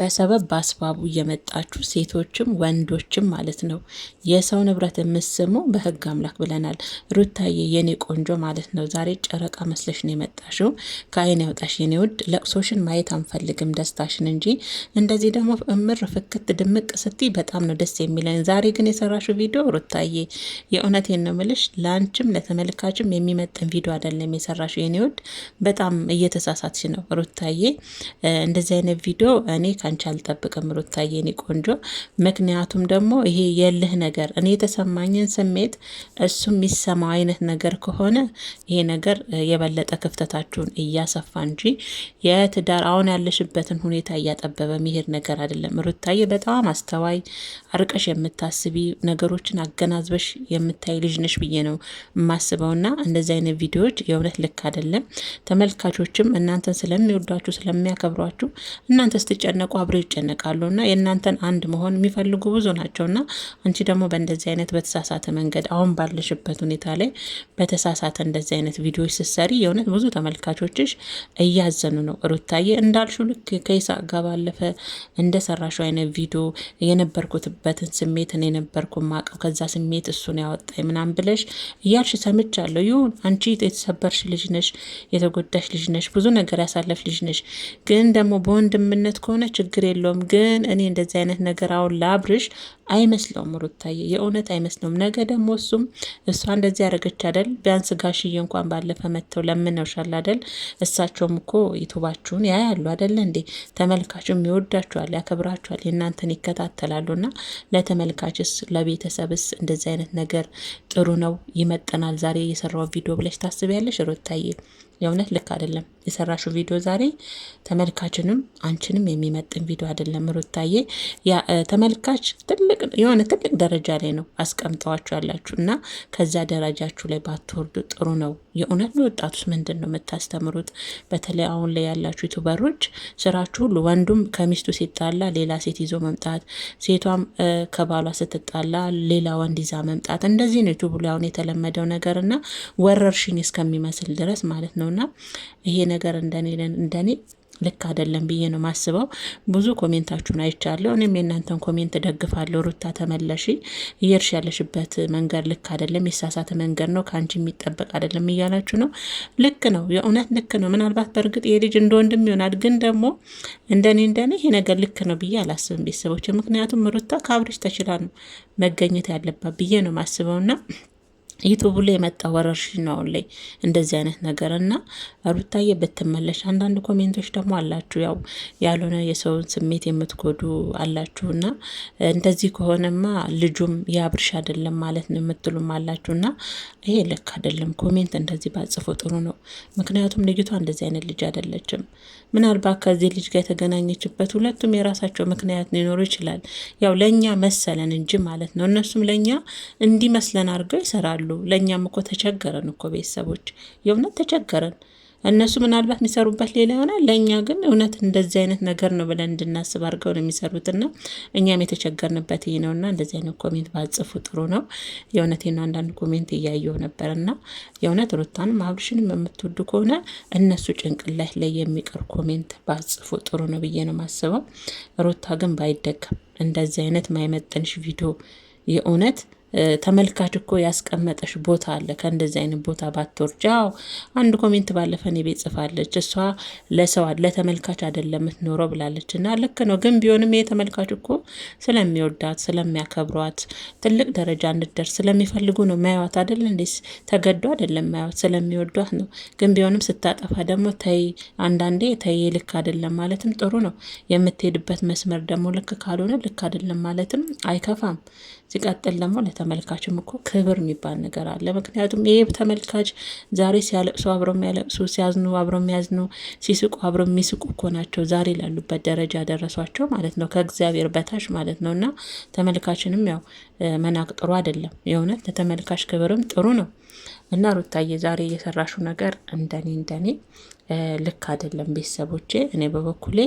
በሰበብ በአስባቡ እየመጣችሁ ሴቶችም ወንዶችም ማለት ነው የሰው ንብረት የምስሙ በህግ አምላክ ብለናል። ሩታዬ የኔ ቆንጆ ማለት ነው ዛሬ ጨረቃ መስለሽ ነው የመጣሽው። ከአይን ያውጣሽ የኔ ውድ። ለቅሶሽን ማየት አንፈልግም ደስታሽን እንጂ። እንደዚህ ደግሞ እምር ፍክት ድምቅ ስትይ በጣም ነው ደስ የሚለን። ዛሬ ግን የሰራሽው ቪዲዮ ሩታዬ የእውነቴን ነው ምልሽ፣ ለአንቺም ለተመልካችም የሚመጥን ቪዲዮ አይደለም የሰራሽው የኔ ውድ። በጣም እየተሳሳትሽ ነው ሩታዬ። እንደዚህ አይነት ቪዲዮ እኔ ካንቺ አልጠብቅም ሩታዬ፣ የኔ ቆንጆ። ምክንያቱም ደግሞ ይሄ የልህ ነገር እኔ የተሰማኝን ስሜት እሱ የሚሰማው አይነት ነገር ከሆነ ይሄ ነገር የበለጠ ክፍተታችሁን እያሰፋ እንጂ የትዳር አሁን ያለሽበትን ሁኔታ እያጠበበ መሄድ ነገር አይደለም። ሩታዬ በጣም አስተዋይ፣ አርቀሽ የምታስቢ ነገሮችን አገናዝበሽ የምታይ ልጅ ነሽ ብዬ ነው የማስበውና እንደዚህ አይነት ቪዲዮዎች የእውነት ልክ አይደለም። ተመልካቾችም እናንተን ስለሚወዷችሁ ስለሚያከብሯችሁ እናንተ ስትጨነቁ አብረው ይጨነቃሉ እና የእናንተን አንድ መሆን የሚፈልጉ ብዙ ናቸው እና አንቺ ደግሞ በእንደዚህ አይነት በተሳሳተ መንገድ አሁን ባለሽበት ሁኔታ ላይ በተሳሳተ እንደዚህ አይነት ቪዲዮዎች ስትሰሪ የእውነት ብዙ ተመልካቾችሽ እያዘኑ ነው። ሩታዬ እንዳልሹ ልክ ከይሳቅ ጋር ባለፈ እንደ ሰራሹ አይነት ቪዲዮ የነበርኩትበትን ስሜትን የነበርኩ ማቀብ ከዛ ስሜት እሱን ያወጣ ምናምን ብለሽ እያልሽ ሰምቻለሁ። ይሁን አንቺ የተሰበርሽ ልጅ ነሽ፣ የተጎዳሽ ልጅ ነሽ፣ ብዙ ነገር ያሳለፍ ልጅ ነሽ። ግን ደግሞ በወንድምነት ከሆነ ችግር የለውም። ግን እኔ እንደዚህ አይነት ነገር አሁን ላብርሽ አይመስለውም፣ ሩታዬ የእውነት አይመስለውም። ነገ ደግሞ እሱም እሷ እንደዚህ ያደረገች አደል፣ ቢያንስ ጋሽዬ እንኳን ባለፈ መጥተው ለምነውሻል አደል፣ እሳቸውም እኮ ዩቱባችሁን ያያሉ አደለ እንዴ? ተመልካችም ይወዳችኋል፣ ያከብራችኋል፣ የእናንተን ይከታተላሉና ለተመልካችስ ለቤተሰብስ እንደዚህ አይነት ነገር ጥሩ ነው፣ ይመጠናል፣ ዛሬ የሰራው ቪዲዮ ብለሽ ታስቢያለሽ ሩታዬ? የእውነት ልክ አይደለም የሰራሽው ቪዲዮ ዛሬ ተመልካችንም አንቺንም የሚመጥን ቪዲዮ አይደለም ሩታዬ። ተመልካች ትልቅ የሆነ ትልቅ ደረጃ ላይ ነው አስቀምጠዋችሁ ያላችሁ እና ከዛ ደረጃችሁ ላይ ባትወርዱ ጥሩ ነው። የእውነት ወጣቱስ ምንድን ነው የምታስተምሩት? በተለይ አሁን ላይ ያላችሁ ዩቱበሮች ስራችሁ ሁሉ ወንዱም ከሚስቱ ሲጣላ ሌላ ሴት ይዞ መምጣት፣ ሴቷም ከባሏ ስትጣላ ሌላ ወንድ ይዛ መምጣት፣ እንደዚህ ነው ዩቱብ ላይ አሁን የተለመደው ነገር እና ወረርሽኝ እስከሚመስል ድረስ ማለት ነው እና ይሄ ነገር እንደኔ እንደኔ ልክ አይደለም ብዬ ነው ማስበው። ብዙ ኮሜንታችሁን አይቻለሁ። እኔም የእናንተን ኮሜንት ደግፋለሁ። ሩታ ተመለሺ፣ እየርሽ ያለሽበት መንገድ ልክ አይደለም፣ የሳሳተ መንገድ ነው፣ ከአንቺ የሚጠበቅ አይደለም እያላችሁ ነው። ልክ ነው፣ የእውነት ልክ ነው። ምናልባት በእርግጥ የልጅ ልጅ እንደ ወንድም ይሆናል፣ ግን ደግሞ እንደኔ እንደኔ ይሄ ነገር ልክ ነው ብዬ አላስብም ቤተሰቦች። ምክንያቱም ሩታ ከአብርሽ ተችላ ነው መገኘት ያለባት ብዬ ነው ማስበውና ዩቱቡ ላይ የመጣ ወረርሽኝ ነው ላይ እንደዚህ አይነት ነገር እና ሩታዬ ብትመለሽ። አንዳንድ ኮሜንቶች ደግሞ አላችሁ፣ ያው ያልሆነ የሰውን ስሜት የምትጎዱ አላችሁ እና እንደዚህ ከሆነማ ልጁም የአብርሽ አይደለም ማለት ነው የምትሉም አላችሁ እና ይሄ ልክ አይደለም። ኮሜንት እንደዚህ ባጽፎ ጥሩ ነው። ምክንያቱም ልጅቷ እንደዚህ አይነት ልጅ አይደለችም። ምናልባት ከዚህ ልጅ ጋር የተገናኘችበት ሁለቱም የራሳቸው ምክንያት ሊኖሩ ይችላል። ያው ለእኛ መሰለን እንጂ ማለት ነው እነሱም ለእኛ እንዲመስለን አድርገው ይሰራሉ ይችላሉ። ለእኛም እኮ ተቸገረን እኮ ቤተሰቦች፣ የእውነት ተቸገረን። እነሱ ምናልባት የሚሰሩበት ሌላ ይሆናል። ለእኛ ግን እውነት እንደዚህ አይነት ነገር ነው ብለን እንድናስብ አድርገው ነው የሚሰሩትና እኛም የተቸገርንበት ይህ ነውና እንደዚህ አይነት ኮሜንት ባጽፉ ጥሩ ነው። የእውነት ነው። አንዳንድ ኮሜንት እያየው ነበርና የእውነት ሩታን አብርሽንም የምትወዱ ከሆነ እነሱ ጭንቅላት ላይ የሚቀር ኮሜንት ባጽፉ ጥሩ ነው ብዬ ነው የማስበው። ሩታ ግን ባይደገም እንደዚህ አይነት ማይመጠንሽ ቪዲዮ የእውነት ተመልካች እኮ ያስቀመጠሽ ቦታ አለ። ከእንደዚህ አይነት ቦታ ባትወርጂ። አዎ አንድ ኮሜንት ባለፈ እኔ ቤት ጽፋለች። እሷ ለሰው ለተመልካች አይደለም የምትኖረው ብላለች። እና ልክ ነው፣ ግን ቢሆንም ይሄ ተመልካች እኮ ስለሚወዳት ስለሚያከብሯት፣ ትልቅ ደረጃ እንድደርስ ስለሚፈልጉ ነው ማያዋት አይደል? እንዴስ ተገዶ አይደለም ማያዋት፣ ስለሚወዷት ነው። ግን ቢሆንም ስታጠፋ ደግሞ ተይ፣ አንዳንዴ ተይ፣ ልክ አይደለም ማለትም ጥሩ ነው። የምትሄድበት መስመር ደግሞ ልክ ካልሆነ ልክ አይደለም ማለትም አይከፋም። ሲቀጥል ደግሞ ለተመልካችም እኮ ክብር የሚባል ነገር አለ። ምክንያቱም ይሄ ተመልካች ዛሬ ሲያለቅሱ አብረው የሚያለቅሱ፣ ሲያዝኑ አብረው የሚያዝኑ፣ ሲስቁ አብረው የሚስቁ እኮ ናቸው ዛሬ ላሉበት ደረጃ ያደረሷቸው ማለት ነው። ከእግዚአብሔር በታች ማለት ነው። እና ተመልካችንም ያው መናቅ ጥሩ አይደለም። የእውነት ለተመልካች ክብርም ጥሩ ነው። እና ሩታዬ ዛሬ እየሰራሹ ነገር እንደኔ እንደኔ ልክ አይደለም። ቤተሰቦቼ እኔ በበኩሌ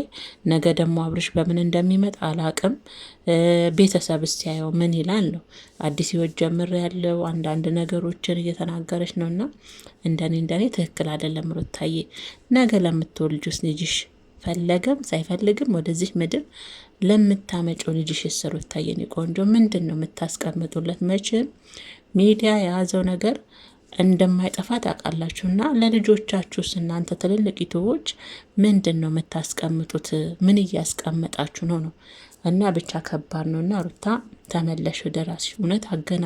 ነገ ደግሞ አብርሽ በምን እንደሚመጣ አላቅም። ቤተሰብ እስቲያየው ምን ይላል ነው። አዲስ ህይወት ጀምር ያለው አንዳንድ ነገሮችን እየተናገረች ነው እና እንደኔ እንደኔ ትክክል አይደለም ሩታዬ። ነገ ለምትወልጁስ ልጅሽ ፈለገም ሳይፈልግም ወደዚህ ምድር ለምታመጪው ልጅሽ ስሩት ታየን ቆንጆ ምንድን ነው የምታስቀምጡለት? መቼም ሚዲያ የያዘው ነገር እንደማይጠፋ ታውቃላችሁ። እና ለልጆቻችሁስ እናንተ ትልልቅ ኢትዮዎች ምንድን ነው የምታስቀምጡት? ምን እያስቀመጣችሁ ነው ነው እና ብቻ ከባድ ነው እና ሩታ ተመለሽ ወደ ራስሽ እውነት አገና